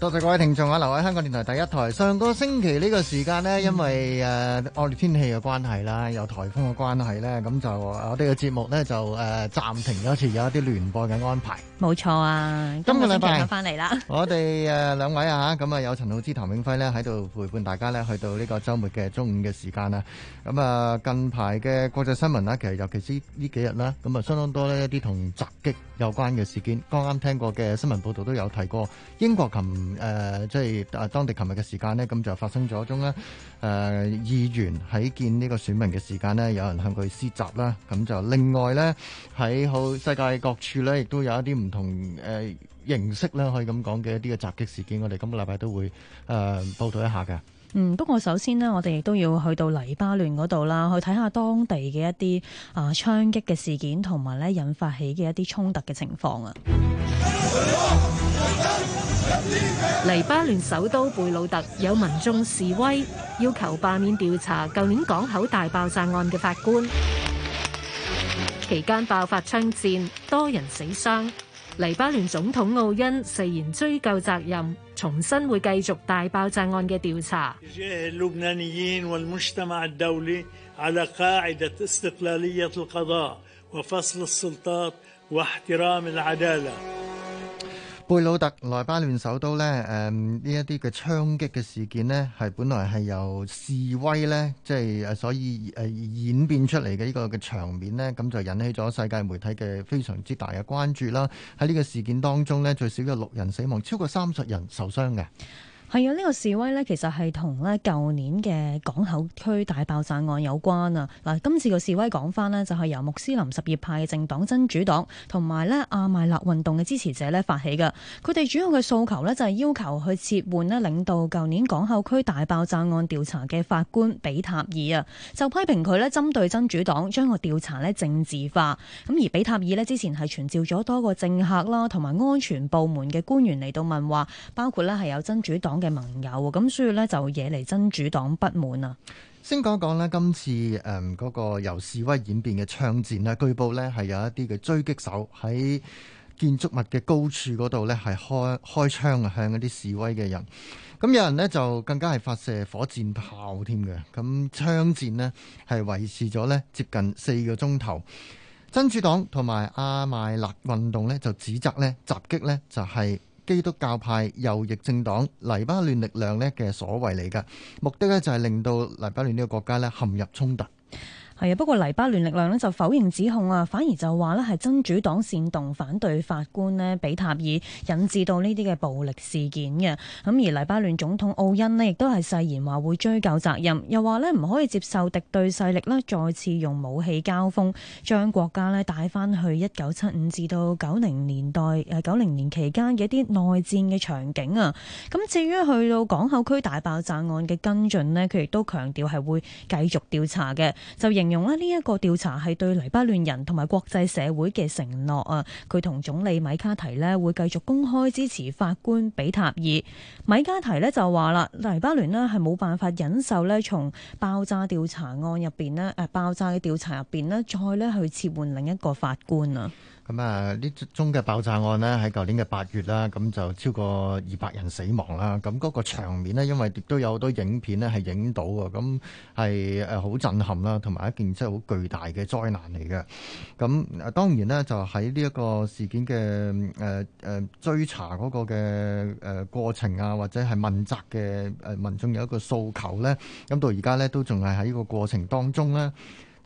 多謝各位聽眾啊！留喺香港電台第一台。上個星期呢個時間咧，因為誒惡劣天氣嘅關係啦，有台風嘅關係咧，咁就我哋嘅節目咧就誒暫停咗一次，有一啲聯播嘅安排。冇錯啊！今個禮拜翻嚟，啦我哋誒兩位啊，咁啊有陳浩之、譚永輝咧喺度陪伴大家咧，去到呢個週末嘅中午嘅時間啊。咁啊近排嘅國際新聞咧，其實尤其是呢幾日啦，咁啊相當多咧一啲同襲擊有關嘅事件。剛啱聽過嘅新聞報道都有提過，英國琴。誒、呃，即係、啊、當地琴日嘅時間呢，咁、嗯、就發生咗一宗咧，誒、啊、議員喺見呢個選民嘅時間呢，有人向佢施襲啦。咁、嗯、就另外呢，喺好世界各處呢，亦都有一啲唔同誒、呃、形式咧，可以咁講嘅一啲嘅襲擊事件，我哋今個禮拜都會誒、呃、報道一下嘅。嗯，不過首先呢，我哋亦都要去到黎巴嫩嗰度啦，去睇下當地嘅一啲啊槍擊嘅事件，同埋咧引發起嘅一啲衝突嘅情況啊。黎巴嫩首都貝魯特有民眾示威，要求罷免調查舊年港口大爆炸案嘅法官。期間爆發槍戰，多人死傷。黎巴嫩總統奧恩誓言追究責任，重新會繼續大爆炸案嘅調查。貝魯特黎巴嫩首都呢，誒呢一啲嘅槍擊嘅事件呢，係本來係由示威呢，即係所以誒演變出嚟嘅呢個嘅場面呢，咁就引起咗世界媒體嘅非常之大嘅關注啦。喺呢個事件當中呢，最少有六人死亡，超過三十人受傷嘅。係啊，呢個示威呢，其實係同呢舊年嘅港口區大爆炸案有關啊！嗱，今次個示威講翻呢，就係由穆斯林什葉派政黨真主黨同埋呢阿麥勒運動嘅支持者呢發起嘅。佢哋主要嘅訴求呢，就係要求去撤換呢領導舊年港口區大爆炸案調查嘅法官比塔爾啊！就批評佢呢針對真主黨將個調查呢政治化。咁而比塔爾呢，之前係傳召咗多個政客啦，同埋安全部門嘅官員嚟到問話，包括呢係有真主黨嘅盟友，咁所以咧就惹嚟真主黨不滿啊！先講講咧，今次誒，嗰個由示威演變嘅槍戰咧，據報咧係有一啲嘅狙擊手喺建築物嘅高處嗰度咧，係開開槍啊，向一啲示威嘅人。咁有人呢就更加係發射火箭炮添嘅。咁槍戰呢係維持咗呢接近四個鐘頭。真主黨同埋阿邁勒運動呢就指責呢襲擊呢就係、是。基督教派右翼政黨黎巴嫩力量咧嘅所為嚟㗎，目的咧就係令到黎巴嫩呢個國家咧陷入衝突。係啊，不過黎巴嫩力量咧就否認指控啊，反而就話咧係真主黨煽動反對法官咧比塔爾，引致到呢啲嘅暴力事件嘅。咁而黎巴嫩總統奧恩咧亦都係誓言話會追究責任，又話咧唔可以接受敵對勢力咧再次用武器交鋒，將國家咧帶翻去一九七五至到九零年代誒九零年期間嘅一啲內戰嘅場景啊。咁至於去到港口區大爆炸案嘅跟進咧，佢亦都強調係會繼續調查嘅，就認。用呢一個調查係對黎巴嫩人同埋國際社會嘅承諾啊，佢同總理米卡提咧會繼續公開支持法官比塔爾。米卡提咧就話啦，黎巴嫩咧係冇辦法忍受咧從爆炸調查案入邊咧，誒、呃、爆炸嘅調查入邊咧，再咧去撤換另一個法官啊。咁啊，呢宗嘅爆炸案呢，喺舊年嘅八月啦，咁就超過二百人死亡啦。咁、那、嗰個場面呢，因為亦都有好多影片呢係影到啊，咁係好震撼啦，同埋一件真係好巨大嘅災難嚟嘅。咁當然呢，就喺呢一個事件嘅誒、呃呃、追查嗰個嘅誒過程啊，或者係問責嘅誒民眾有一個訴求咧，咁到而家咧都仲係喺呢個過程當中咧。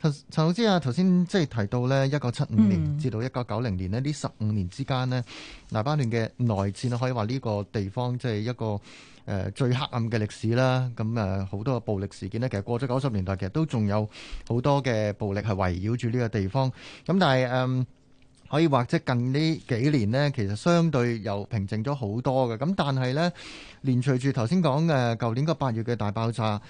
陳老師啊，頭先即係提到咧，一九七五年至到一九九零年呢，呢十五年之間呢，黎巴嫩嘅內戰可以話呢個地方即係一個誒最黑暗嘅歷史啦。咁誒好多嘅暴力事件呢，其實過咗九十年代，其實都仲有好多嘅暴力係圍繞住呢個地方。咁但係誒可以話，即係近呢幾年呢，其實相對又平靜咗好多嘅。咁但係呢，連隨住頭先講嘅舊年嗰八月嘅大爆炸。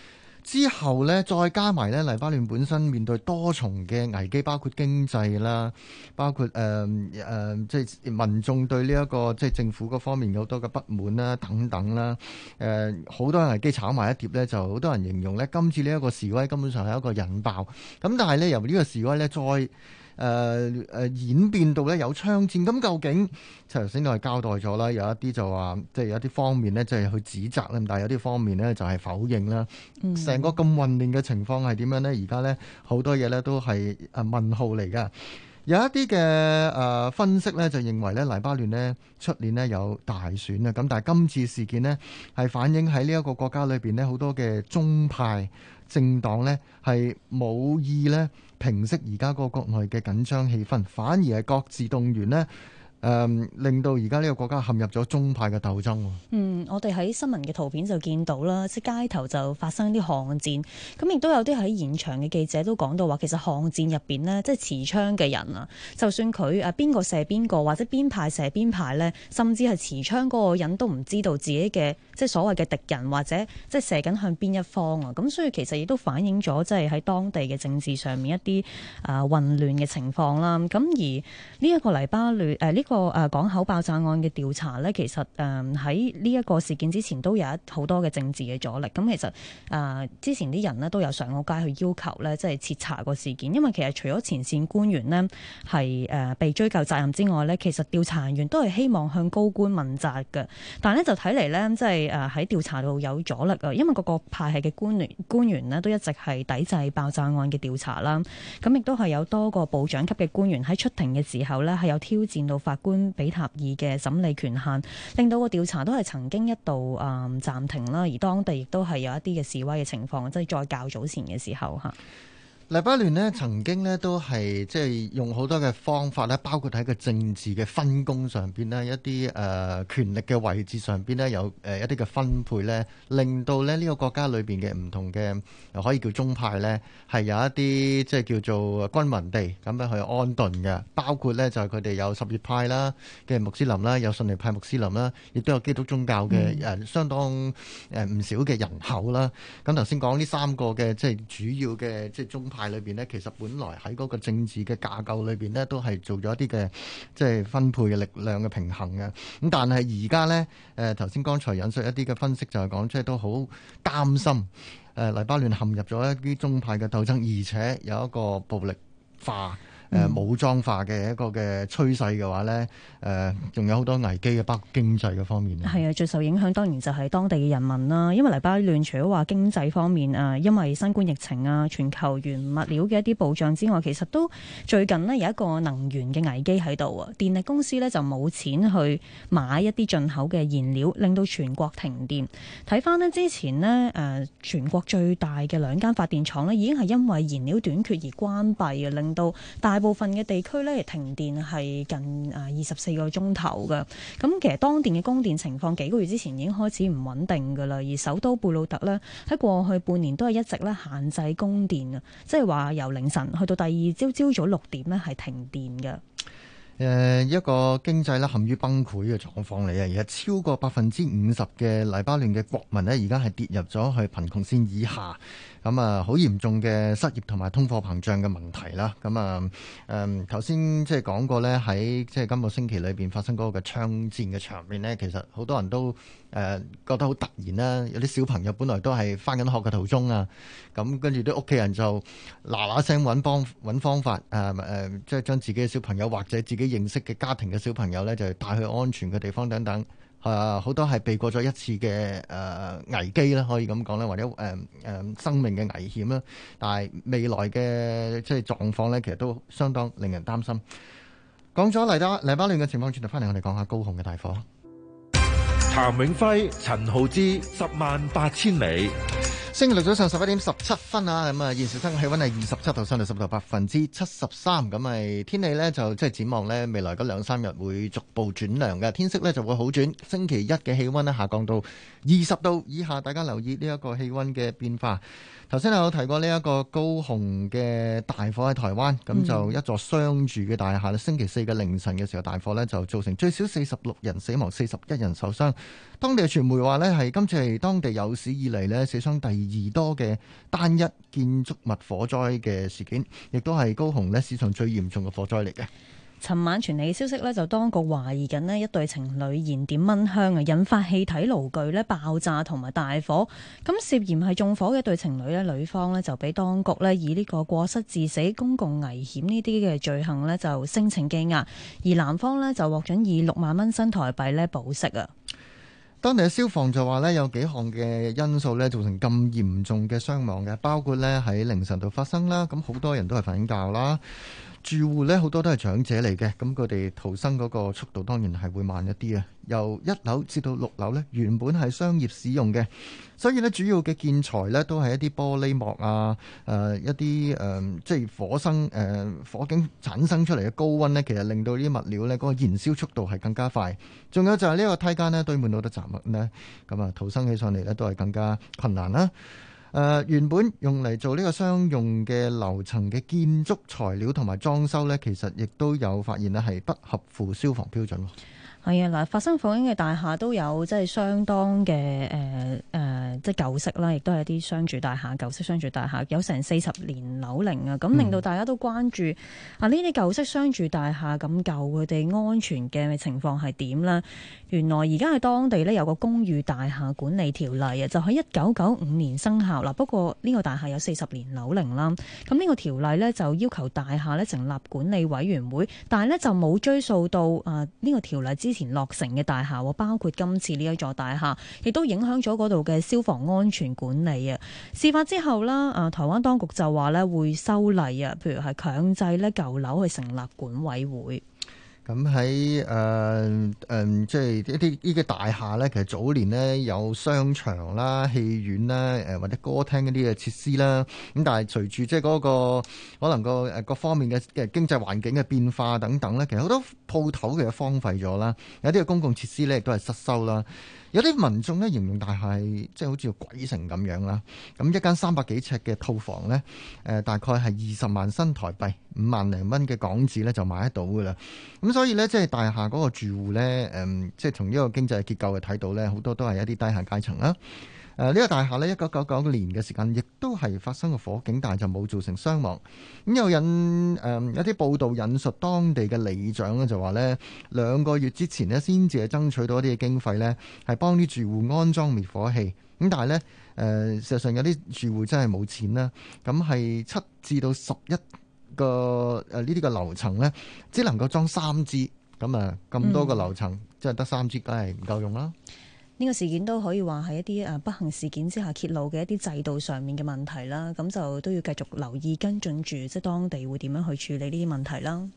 之後呢，再加埋呢，黎巴嫩本身面對多重嘅危機，包括經濟啦，包括誒誒、呃呃，即係民眾對呢、這、一個即係政府嗰方面有好多嘅不滿啦，等等啦，誒、呃、好多人危機炒埋一碟呢，就好多人形容呢，今次呢一個示威根本上係一個引爆，咁但係呢，由呢個示威呢再。誒誒、呃呃、演變到咧有槍戰，咁究竟頭先都係交代咗啦，有一啲就話，即係有一啲方面呢，即係去指責啦，但係有啲方面呢，就係否認啦。成個咁混亂嘅情況係點樣呢？而家呢，好多嘢呢都係誒問號嚟噶。有一啲嘅誒分析呢，就認為呢，黎巴嫩呢出年呢有大選啊，咁但係今次事件呢，係反映喺呢一個國家裏邊呢，好多嘅宗派。政黨呢係冇意呢平息而家個國內嘅緊張氣氛，反而係各自動員呢。誒、嗯、令到而家呢個國家陷入咗宗派嘅鬥爭。嗯，我哋喺新聞嘅圖片就見到啦，即街頭就發生一啲巷戰，咁亦都有啲喺現場嘅記者都講到話，其實巷戰入邊呢，即、就、係、是、持槍嘅人啊，就算佢誒邊個射邊個，或者邊排射邊排呢，甚至係持槍嗰個人都唔知道自己嘅即係所謂嘅敵人或者即係射緊向邊一方啊。咁所以其實亦都反映咗，即係喺當地嘅政治上面一啲啊混亂嘅情況啦。咁而呢一個黎巴嫩誒呢個。個誒港口爆炸案嘅調查呢，其實誒喺呢一個事件之前都有一好多嘅政治嘅阻力。咁其實誒之前啲人呢，都有上個街去要求呢，即係徹查個事件。因為其實除咗前線官員呢，係誒被追究責任之外呢，其實調查員都係希望向高官問責嘅。但係呢，就睇嚟呢，即係誒喺調查度有阻力啊。因為各個派系嘅官員官員呢，都一直係抵制爆炸案嘅調查啦。咁亦都係有多個部長級嘅官員喺出庭嘅時候呢，係有挑戰到法。法官比塔爾嘅審理權限，令到個調查都係曾經一度誒、嗯、暫停啦，而當地亦都係有一啲嘅示威嘅情況，即係喺較早前嘅時候嚇。黎巴嫩咧曾經咧都係即係用好多嘅方法咧，包括喺個政治嘅分工上邊咧，一啲誒權力嘅位置上邊咧有誒一啲嘅分配咧，令到咧呢個國家裏邊嘅唔同嘅可以叫宗派咧，係有一啲即係叫做軍民地咁樣去安頓嘅。包括咧就係佢哋有什葉派啦，嘅穆斯林啦，有遜尼派穆斯林啦，亦都有基督宗教嘅誒相當誒唔少嘅人口啦。咁頭先講呢三個嘅即係主要嘅即係宗派。界裏邊咧，其實本來喺嗰個政治嘅架構裏邊咧，都係做咗一啲嘅，即係分配嘅力量嘅平衡嘅。咁但係而家呢，誒頭先剛才引述一啲嘅分析就說，就係講即係都好擔心，誒、呃、黎巴嫩陷入咗一啲宗派嘅鬥爭，而且有一個暴力化。誒武裝化嘅一個嘅趨勢嘅話呢，誒、呃、仲有好多危機嘅包括經濟方面。係啊，最受影響當然就係當地嘅人民啦。因為黎巴嫩除咗話經濟方面誒、啊，因為新冠疫情啊、全球原物料嘅一啲暴漲之外，其實都最近呢有一個能源嘅危機喺度啊。電力公司呢就冇錢去買一啲進口嘅燃料，令到全國停電。睇翻呢之前呢，誒、啊，全國最大嘅兩間發電廠呢已經係因為燃料短缺而關閉啊，令到大部分嘅地區咧，停電係近誒二十四個鐘頭㗎。咁其實當電嘅供電情況幾個月之前已經開始唔穩定㗎啦。而首都貝魯特呢，喺過去半年都係一直咧限制供電啊，即係話由凌晨去到第二朝朝早六點咧，係停電嘅。誒一個經濟咧陷於崩潰嘅狀況嚟嘅，而係超過百分之五十嘅黎巴嫩嘅國民呢，而家係跌入咗去貧窮線以下，咁啊好嚴重嘅失業同埋通貨膨脹嘅問題啦，咁啊誒頭先即係講過呢，喺即係今個星期裏邊發生嗰個嘅槍戰嘅場面呢，其實好多人都誒、呃、覺得好突然啦！有啲小朋友本來都係翻緊學嘅途中啊，咁跟住啲屋企人就嗱嗱聲揾方方法，誒、呃、誒、呃，即係將自己嘅小朋友或者自己認識嘅家庭嘅小朋友咧，就帶去安全嘅地方等等，啊、呃，好多係避過咗一次嘅誒、呃、危機啦，可以咁講啦，或者誒誒、呃呃、生命嘅危險啦。但係未來嘅即係狀況咧，其實都相當令人擔心。講咗黎巴黎巴嫩嘅情況，轉頭翻嚟我哋講下高雄嘅大火。譚永輝、陳浩之，十萬八千里。星期六早上十一點十七分啊，咁啊，現時香港氣溫係二十七度，三度十度，百分之七十三。咁啊天氣咧就即、是、係展望咧，未來嗰兩三日會逐步轉涼嘅，天色咧就會好轉，星期一嘅氣溫咧下降到二十度以下，大家留意呢一個氣溫嘅變化。頭先有提過呢一個高雄嘅大火喺台灣，咁、嗯、就一座商住嘅大廈咧。星期四嘅凌晨嘅時候，大火咧就造成最少四十六人死亡、四十一人受傷，當地嘅傳媒話咧，係今次係當地有史以嚟咧死傷第二二多嘅單一建築物火災嘅事件，亦都係高雄咧史上最嚴重嘅火災嚟嘅。尋晚傳嚟嘅消息呢，就當局懷疑緊呢一對情侶燃點蚊香啊，引發氣體爐具咧爆炸同埋大火。咁涉嫌係縱火嘅一對情侶呢，女方呢就俾當局呢以呢個過失致死、公共危險呢啲嘅罪行呢就申請羈押，而男方呢就獲准以六萬蚊新台幣呢保釋啊。當地嘅消防就話咧，有幾項嘅因素咧造成咁嚴重嘅傷亡嘅，包括咧喺凌晨度發生啦，咁好多人都係瞓覺啦。住戶咧好多都係長者嚟嘅，咁佢哋逃生嗰個速度當然係會慢一啲啊！由一樓至到六樓呢，原本係商業使用嘅，所以呢主要嘅建材呢都係一啲玻璃膜啊，誒、呃、一啲誒、呃、即係火生誒、呃、火警產生出嚟嘅高溫呢，其實令到啲物料呢嗰個燃燒速度係更加快。仲有就係呢個梯間呢，堆滿到啲雜物呢咁啊逃生起上嚟呢都係更加困難啦、啊。誒、呃、原本用嚟做呢個商用嘅樓層嘅建築材料同埋裝修呢，其實亦都有發現咧係不合乎消防標準。係啊，嗱，發生火警嘅大廈都有即係相當嘅誒誒，即係舊式啦，亦都係啲商住大廈、舊式商住大廈，有成四十年樓齡啊，咁、嗯、令到大家都關注啊呢啲舊式商住大廈咁舊，佢哋安全嘅情況係點呢？原來而家喺當地呢，有個公寓大廈管理條例啊，就喺一九九五年生效啦。不過呢個大廈有四十年樓齡啦，咁呢個條例呢，就要求大廈呢成立管理委員會，但係呢就冇追溯到啊呢個條例之以前落成嘅大廈，包括今次呢一座大廈，亦都影響咗嗰度嘅消防安全管理啊！事發之後啦，啊台灣當局就話咧會修例啊，譬如係強制咧舊樓去成立管委會。咁喺誒誒，即係一啲呢個大廈咧，其實早年咧有商場啦、戲院啦、誒或者歌廳嗰啲嘅設施啦。咁但係隨住即係嗰個可能個誒各方面嘅經濟環境嘅變化等等咧，其實好多鋪頭其實荒廢咗啦，有啲嘅公共設施咧亦都係失修啦。有啲民眾咧形容大廈即係好似鬼城咁樣啦，咁一間三百幾尺嘅套房咧、呃，大概係二十萬新台幣，五萬零蚊嘅港紙咧就買得到噶啦，咁所以咧即係大廈嗰個住戶咧，即、嗯、係、就是、從呢個經濟結構嚟睇到咧，好多都係一啲低下階層啦。誒呢、呃這個大廈呢，一九九九年嘅時間，亦都係發生過火警，但係就冇造成傷亡。咁、呃、有引誒一啲報道引述當地嘅理長咧，就話呢兩個月之前呢，先至係爭取到一啲嘅經費呢係幫啲住戶安裝滅火器。咁但係呢，誒、呃，事實上有啲住戶真係冇錢啦。咁係七至到十一個誒呢啲嘅樓層呢，只能夠裝三支。咁啊、嗯，咁多個樓層，即係得三支，梗係唔夠用啦。呢個事件都可以話係一啲誒不幸事件之下揭露嘅一啲制度上面嘅問題啦，咁就都要繼續留意跟進住，即係當地會點樣去處理呢啲問題啦。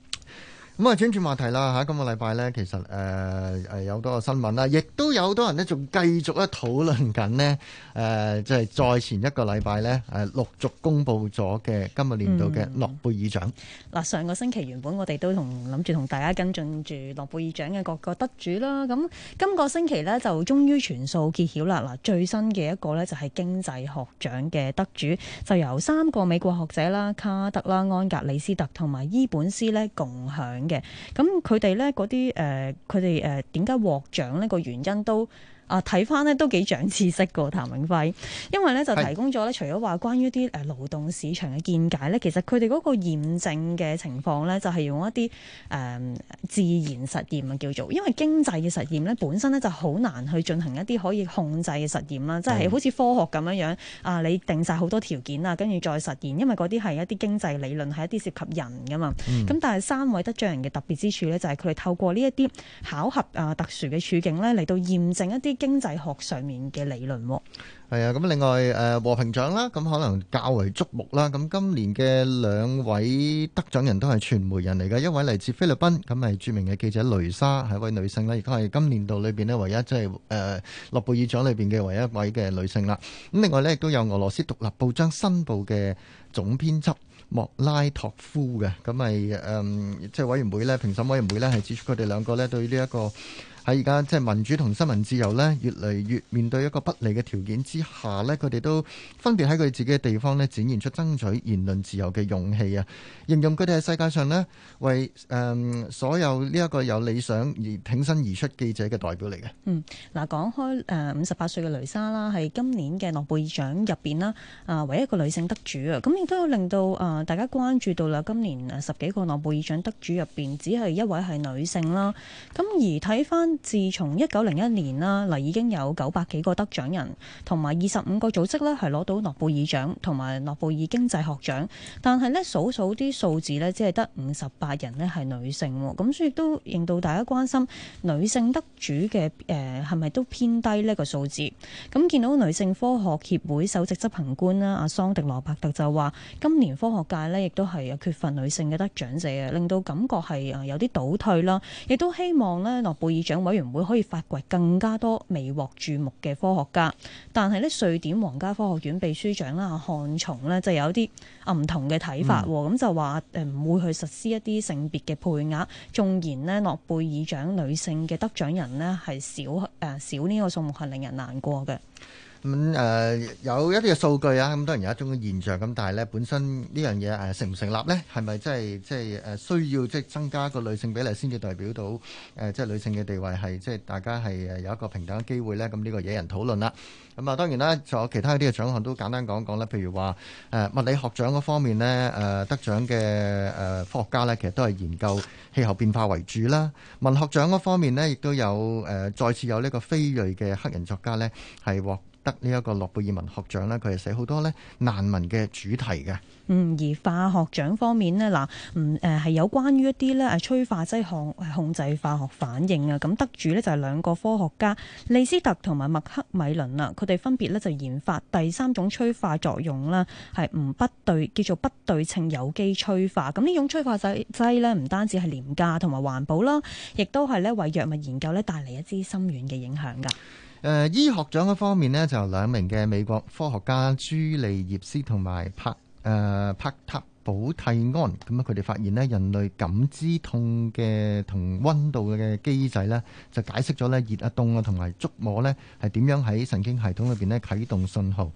咁啊，轉轉話題啦嚇！今個禮拜呢，其實誒、呃、有好多個新聞啦，亦都有多人呢仲繼續咧討論緊呢，誒、呃，即係再前一個禮拜呢，誒、呃、陸續公布咗嘅今日年度嘅諾貝爾獎。嗱、嗯，上個星期原本我哋都同諗住同大家跟進住諾貝爾獎嘅各個得主啦，咁今個星期呢，就終於全數揭曉啦。嗱，最新嘅一個呢，就係經濟學獎嘅得主，就由三個美國學者啦，卡德啦、安格里斯特同埋伊本斯呢共享。嘅，咁佢哋咧嗰啲，誒，佢哋誒點解獲獎咧？呢那個原因都。啊，睇翻咧都幾長知識噶，譚永輝，因為咧就提供咗咧，是除咗話關於啲誒勞動市場嘅見解咧，其實佢哋嗰個驗證嘅情況咧，就係、是、用一啲誒、呃、自然實驗啊叫做，因為經濟嘅實驗咧本身咧就好難去進行一啲可以控制嘅實驗啦，即、就、係、是、好似科學咁樣樣、嗯、啊，你定晒好多條件啊，跟住再實驗，因為嗰啲係一啲經濟理論係一啲涉及人噶嘛，咁、嗯、但係三位得獎人嘅特別之處咧，就係佢哋透過呢一啲考核啊特殊嘅處境咧嚟到驗證一啲。經濟學上面嘅理論，係啊，咁另外誒和平獎啦，咁可能較為矚目啦。咁今年嘅兩位得獎人都係傳媒人嚟嘅，一位嚟自菲律賓，咁係著名嘅記者雷莎，係一位女性咧，而家係今年度裏邊咧唯一即係誒諾貝爾獎裏邊嘅唯一一位嘅女性啦。咁另外咧亦都有俄羅斯獨立報章新報嘅總編輯莫拉托夫嘅，咁係誒即係委員會咧評審委員會咧係指出佢哋兩個咧對呢一個。喺而家即係民主同新聞自由咧，越嚟越面對一個不利嘅條件之下咧，佢哋都分別喺佢自己嘅地方咧，展現出爭取言論自由嘅勇氣啊！形容佢哋係世界上咧，為誒、嗯、所有呢一個有理想而挺身而出記者嘅代表嚟嘅。嗯，嗱講開誒五十八歲嘅雷莎啦，係今年嘅諾貝爾獎入邊啦，啊唯一一個女性得主啊！咁亦都有令到誒大家關注到啦，今年誒十幾個諾貝爾獎得主入邊只係一位係女性啦。咁而睇翻。自從一九零一年啦，嗱已經有九百幾個得獎人，同埋二十五個組織呢，係攞到諾貝爾獎同埋諾貝爾經濟學獎。但係呢，數數啲數字呢，只係得五十八人呢，係女性，咁所以也都令到大家關心女性得主嘅誒係咪都偏低呢個數字？咁見到女性科學協會首席執行官啦，阿桑迪羅伯特就話：今年科學界呢，亦都係缺乏女性嘅得獎者嘅，令到感覺係有啲倒退啦。亦都希望呢，諾貝爾獎委員會可以發掘更加多未獲注目嘅科學家，但係咧，瑞典皇家科學院秘書長啦，漢松咧就有一啲唔同嘅睇法，咁就話誒唔會去實施一啲性別嘅配額，縱然咧諾貝爾獎女性嘅得獎人咧係少誒、呃、少呢個數目係令人難過嘅。咁誒有一啲嘅數據啊，咁當然有一種嘅現象咁，但係咧本身呢樣嘢誒成唔成立咧？係咪即係即係誒需要即係增加個女性比例先至代表到誒即係女性嘅地位係即係大家係誒有一個平等嘅機會咧？咁呢個惹人討論啦。咁啊，當然啦，仲有其他啲嘅獎項都簡單講講咧。譬如話誒物理學獎嗰方面咧誒得獎嘅誒科學家咧，其實都係研究氣候變化為主啦。文學獎嗰方面咧，亦都有誒再次有呢個非裔嘅黑人作家咧係獲得呢一個諾貝爾文學獎呢，佢係寫好多咧難民嘅主題嘅。嗯，而化學獎方面呢嗱，嗯誒係有關於一啲咧誒催化劑控控制化學反應啊。咁得主呢就係、是、兩個科學家利斯特同埋麥克米倫啦。佢哋分別呢就研發第三種催化作用啦，係唔不，不對叫做不對稱有機催化。咁呢種催化劑劑咧，唔單止係廉價同埋環保啦，亦都係呢為藥物研究呢帶嚟一啲深遠嘅影響㗎。誒、呃，醫學獎方面呢就就兩名嘅美國科學家朱利葉斯同埋帕誒、呃、帕塔保替安，咁啊，佢哋發現人類感知痛嘅同温度嘅機制呢，就解釋咗熱熱啊和呢、凍啊同埋觸摸呢係點樣喺神經系統裏邊呢啟動信號。呢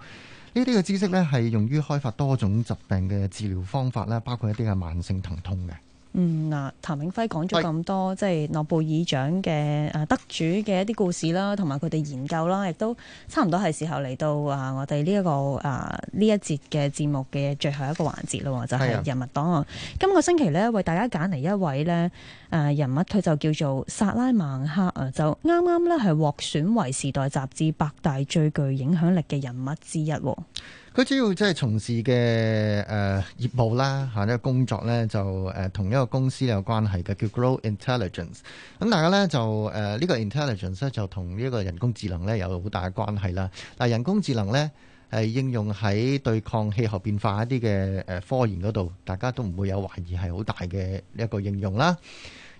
啲嘅知識呢係用於開發多種疾病嘅治療方法，包括一啲嘅慢性疼痛嘅。嗯嗱，譚永輝講咗咁多，即係諾貝爾獎嘅誒得主嘅一啲故事啦，同埋佢哋研究啦，亦都差唔多係時候嚟到們、這個、啊！我哋呢一個誒呢一節嘅節目嘅最後一個環節咯，就係、是、人物檔案。的今個星期咧，為大家揀嚟一位咧誒人物，佢就叫做薩拉曼克，就啱啱咧係獲選為《時代雜誌》百大最具影響力嘅人物之一喎。佢主要即係從事嘅誒、呃、業務啦，嚇、啊、呢、這個工作呢就誒、呃、同一個公司有關係嘅，叫 Gro Intelligence。咁大家呢就誒呢、呃這個 intelligence 呢，就同呢一個人工智能呢有好大嘅關係啦。但係人工智能呢，係、呃、應用喺對抗氣候變化一啲嘅誒科研嗰度，大家都唔會有懷疑係好大嘅一個應用啦。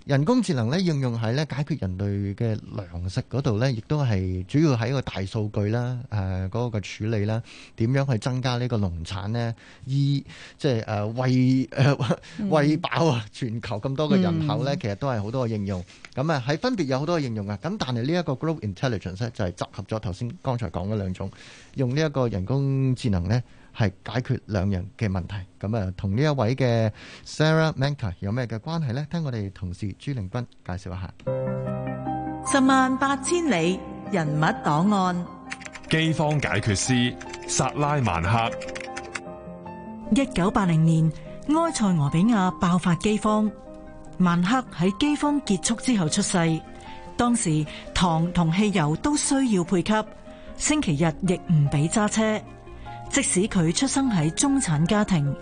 人工智能咧，應用喺咧，解決人類嘅糧食嗰度咧，亦都係主要喺個大數據啦，誒、呃、嗰、那個嘅處理啦，點樣去增加個農呢個農產咧，依即係誒餵誒、呃、餵飽啊！全球咁多嘅人口咧，其實都係好多嘅應用咁啊。喺、嗯、分別有好多嘅應用啊，咁但係呢一個 Gro Intelligence 就係集合咗頭先剛才講嘅兩種，用呢一個人工智能咧，係解決兩樣嘅問題，咁啊，同呢一位嘅 Sarah Menker 有咩嘅關係呢？聽我哋同事朱令筠介紹一下。十萬八千里人物檔案，饑荒解決師薩拉曼克。一九八零年，埃塞俄比亞爆發饑荒，曼克喺饑荒結束之後出世。當時糖同汽油都需要配給，星期日亦唔俾揸車。即使佢出生喺中產家庭，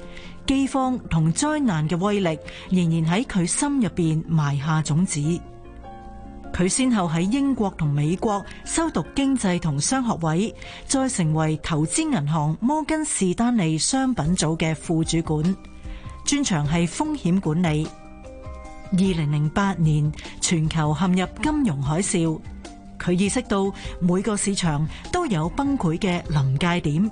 饑荒同災難嘅威力仍然喺佢心入邊埋下種子。佢先後喺英國同美國修讀經濟同商學位，再成為投資銀行摩根士丹利商品組嘅副主管，專長係風險管理。二零零八年全球陷入金融海嘯，佢意識到每個市場都有崩潰嘅臨界點。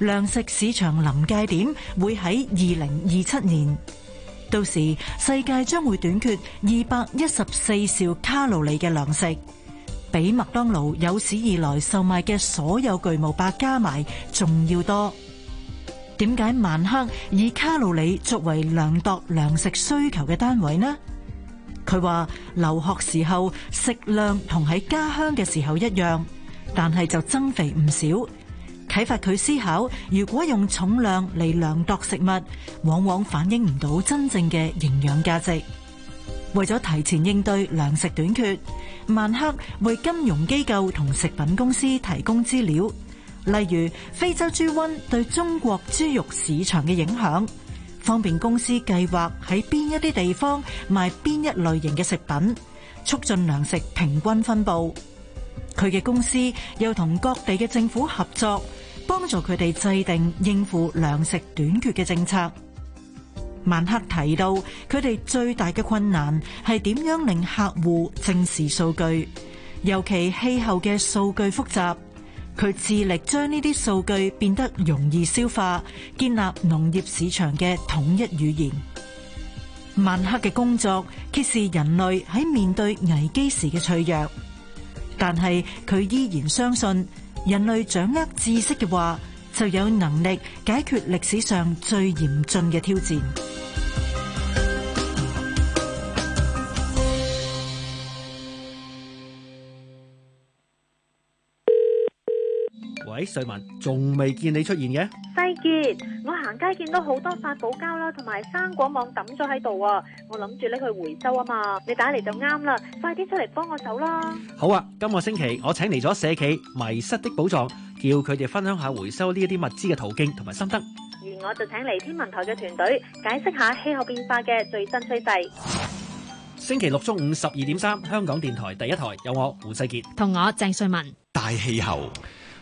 糧食市場臨界點會喺二零二七年，到時世界將會短缺二百一十四兆卡路里嘅糧食，比麥當勞有史以來售賣嘅所有巨無霸加埋仲要多。點解曼克以卡路里作為量度糧食需求嘅單位呢？佢話留學時候食量同喺家鄉嘅時候一樣，但係就增肥唔少。啟發佢思考，如果用重量嚟量度食物，往往反映唔到真正嘅營養價值。為咗提前應對糧食短缺，曼克為金融機構同食品公司提供資料，例如非洲豬瘟對中國豬肉市場嘅影響，方便公司計劃喺邊一啲地方賣邊一類型嘅食品，促進糧食平均分佈。佢嘅公司又同各地嘅政府合作。幫助佢哋制定應付糧食短缺嘅政策。曼克提到，佢哋最大嘅困難係點樣令客戶正視數據，尤其氣候嘅數據複雜。佢致力將呢啲數據變得容易消化，建立農業市場嘅統一語言。曼克嘅工作揭示人類喺面對危機時嘅脆弱，但係佢依然相信。人類掌握知識嘅話，就有能力解決歷史上最嚴峻嘅挑戰。喂，瑞文，仲未見你出現嘅？世杰，我行街見到好多法寶膠啦，同埋生果網抌咗喺度啊！我諗住拎去回收啊嘛，你打嚟就啱啦，快啲出嚟幫我手啦！好啊，今個星期我請嚟咗社企《迷失的寶藏》，叫佢哋分享下回收呢一啲物資嘅途徑同埋心得。而我就請嚟天文台嘅團隊解釋下氣候變化嘅最新趨勢。星期六中午十二點三，香港電台第一台有我胡世杰同我鄭瑞文大氣候。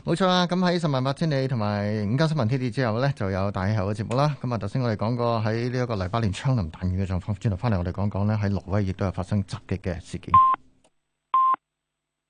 冇錯啊，咁喺十萬八千里同埋五家新聞天地之後呢，就有大氣候嘅節目啦。咁啊，頭先我哋講過喺呢一個禮拜連槍林彈雨嘅狀況，轉頭翻嚟我哋講講呢，喺挪威亦都有發生襲擊嘅事件。